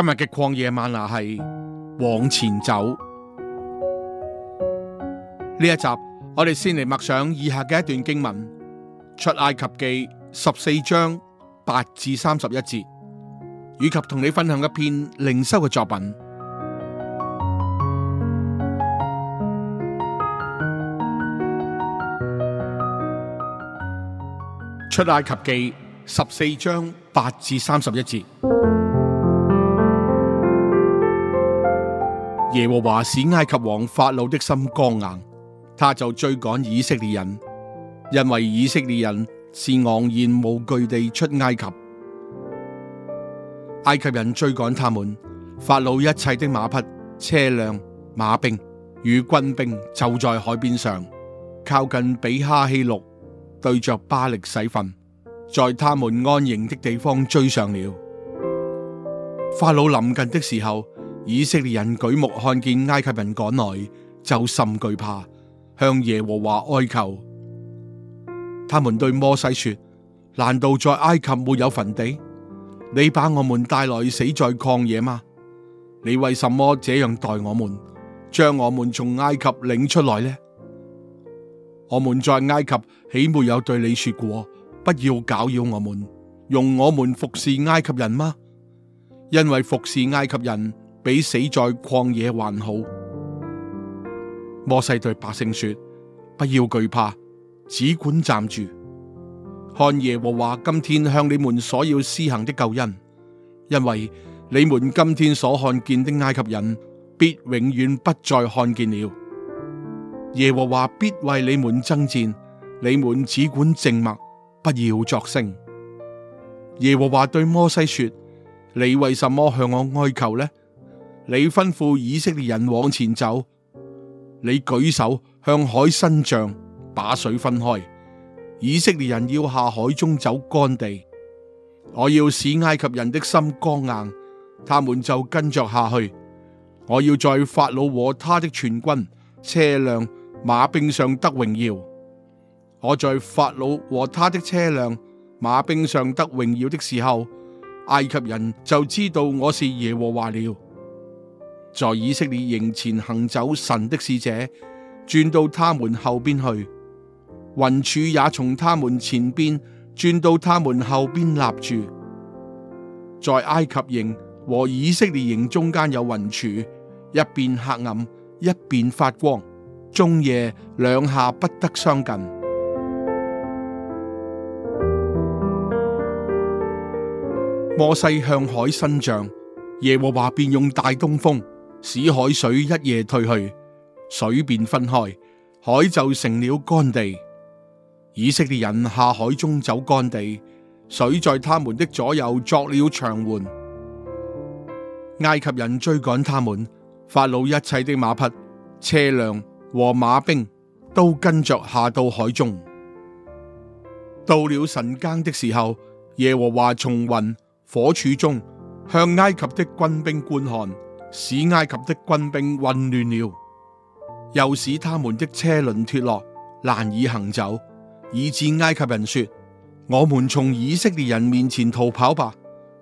今日嘅曠野嗎哪係往前走。呢一集，我哋先嚟默想以下嘅一段經文：出埃及記十四章八至三十一節，以及同你分享一篇靈修嘅作品。出埃及記十四章八至三十一節。耶和華使埃及王法老的心剛硬，他就追趕以色列人，因為以色列人是昂然無懼地出埃及。埃及人追趕他們，法老一切的馬匹、車輛、馬兵與軍兵就在海邊上，靠近比哈希錄，對着巴力洗分，在他們安營的地方追上了。法老臨近的時候。以色列人舉目看見埃及人趕來，就甚懼怕，向耶和華哀求。他們對摩西說：難道在埃及沒有墳地？你把我們帶來死在曠野嗎？你為什麼這樣待我們，將我們從埃及領出來呢？我們在埃及豈沒有對你說過，不要攪擾我們，用我們服侍埃及人嗎？因為服侍埃及人。比死在曠野還好。摩西對百姓說：不要懼怕，只管站住，看耶和華今天向你們所要施行的救恩，因為你們今天所看見的埃及人，必永遠不再看見了。耶和華必為你們爭戰，你們只管靜默，不要作聲。耶和華對摩西說：你為什麼向我哀求呢？你吩咐以色列人往前走，你舉手向海伸杖，把水分開。以色列人要下海中走乾地。我要使埃及人的心剛硬，他們就跟着下去。我要在法老和他的全軍、車輛、馬兵上得榮耀。我在法老和他的車輛、馬兵上得榮耀的時候，埃及人就知道我是耶和華了。在以色列營前行走，神的使者，轉到他們後邊去。雲柱也從他們前邊轉到他們後邊立住。在埃及營和以色列營中間有雲柱，一邊黑暗，一邊發光。終夜兩下不得相近。摩西向海伸杖，耶和華便用大東風。使海水一夜退去，水便分開，海就成了乾地。以色列人下海中走乾地，水在他們的左右作了牆垣。埃及人追趕他們，法老一切的馬匹、車輛和馬兵都跟着下到海中。到了晨更的時候，耶和華從雲火柱中向埃及的軍兵觀看。使埃及的軍兵混亂了，又使他們的車輪脫落，難以行走，以致埃及人說：我們從以色列人面前逃跑吧，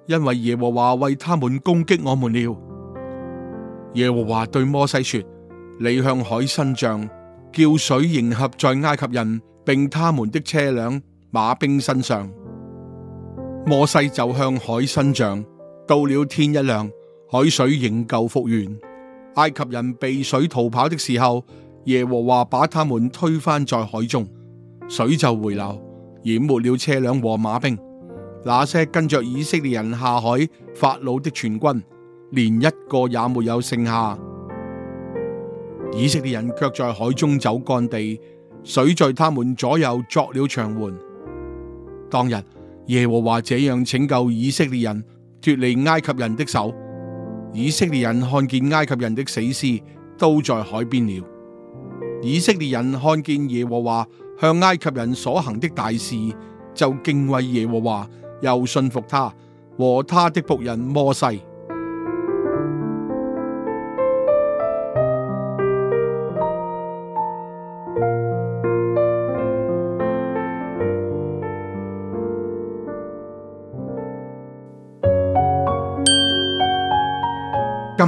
因為耶和華為他們攻擊我們了。耶和華對摩西說：你向海伸杖，叫水迎合在埃及人並他們的車輛、馬兵身上。摩西就向海伸杖，到了天一亮。海水仍舊復原，埃及人避水逃跑的時候，耶和華把他們推翻在海中，水就回流，淹沒了車輛和馬兵。那些跟着以色列人下海法老的全軍，連一個也沒有剩下。以色列人却在海中走乾地，水在他們左右作了牆垣。當日耶和華這樣拯救以色列人，脱離埃及人的手。以色列人看見埃及人的死屍都在海邊了，以色列人看見耶和華向埃及人所行的大事，就敬畏耶和華，又信服他和他的僕人摩西。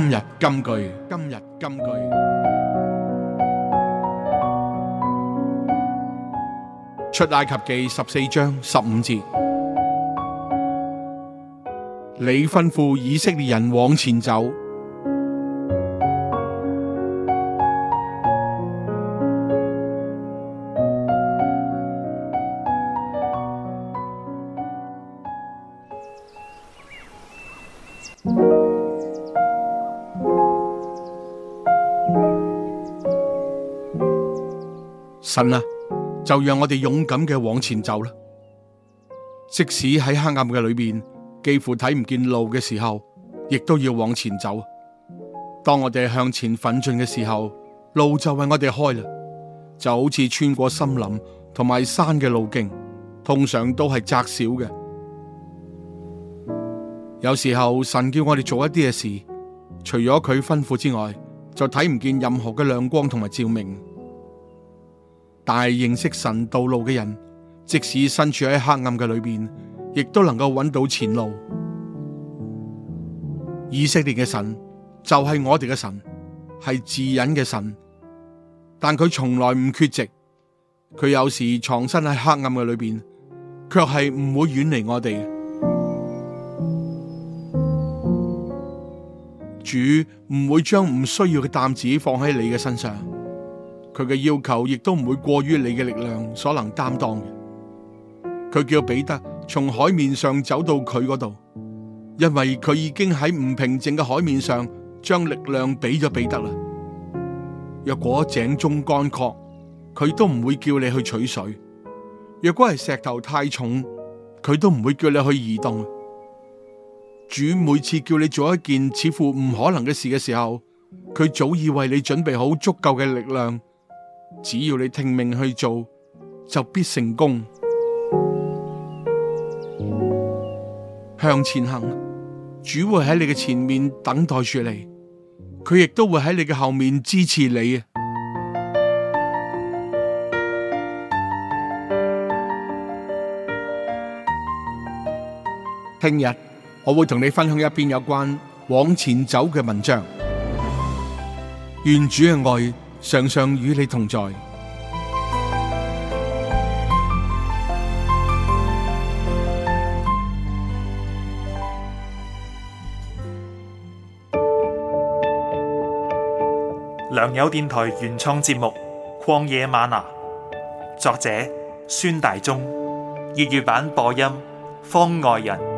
今日金句，今日金句。出埃及記十四章十五節，你吩咐以色列人往前走。神啊，就讓我哋勇敢嘅往前走啦！即使喺黑暗嘅裏面，幾乎睇唔見路嘅時候，亦都要往前走。當我哋向前奮進嘅時候，路就為我哋開啦，就好似穿過森林同埋山嘅路徑，通常都係窄小嘅。有時候神叫我哋做一啲嘅事，除咗佢吩咐之外，就睇唔見任何嘅亮光同埋照明。但係認識神道路嘅人，即使身處喺黑暗嘅裏邊，亦都能夠揾到前路。以色列嘅神就係我哋嘅神，係自隱嘅神。但佢從來唔缺席，佢有時藏身喺黑暗嘅裏邊，卻係唔會遠離我哋。主唔會將唔需要嘅擔子放喺你嘅身上。佢嘅要求亦都唔會過於你嘅力量所能擔當嘅。佢叫彼得從海面上走到佢嗰度，因為佢已經喺唔平靜嘅海面上將力量俾咗彼得啦。若果井中乾涸，佢都唔會叫你去取水；若果係石頭太重，佢都唔會叫你去移動。主每次叫你做一件似乎唔可能嘅事嘅時候，佢早已為你準備好足夠嘅力量。只要你聽命去做，就必成功。向前行，主會喺你嘅前面等待住你，佢亦都會喺你嘅後面支持你啊！聽日我會同你分享一篇有關往前走嘅文章，願主嘅愛。常常與你同在。良友電台原創節目《曠野嗎哪》，作者孫大中，粵語版播音方外人。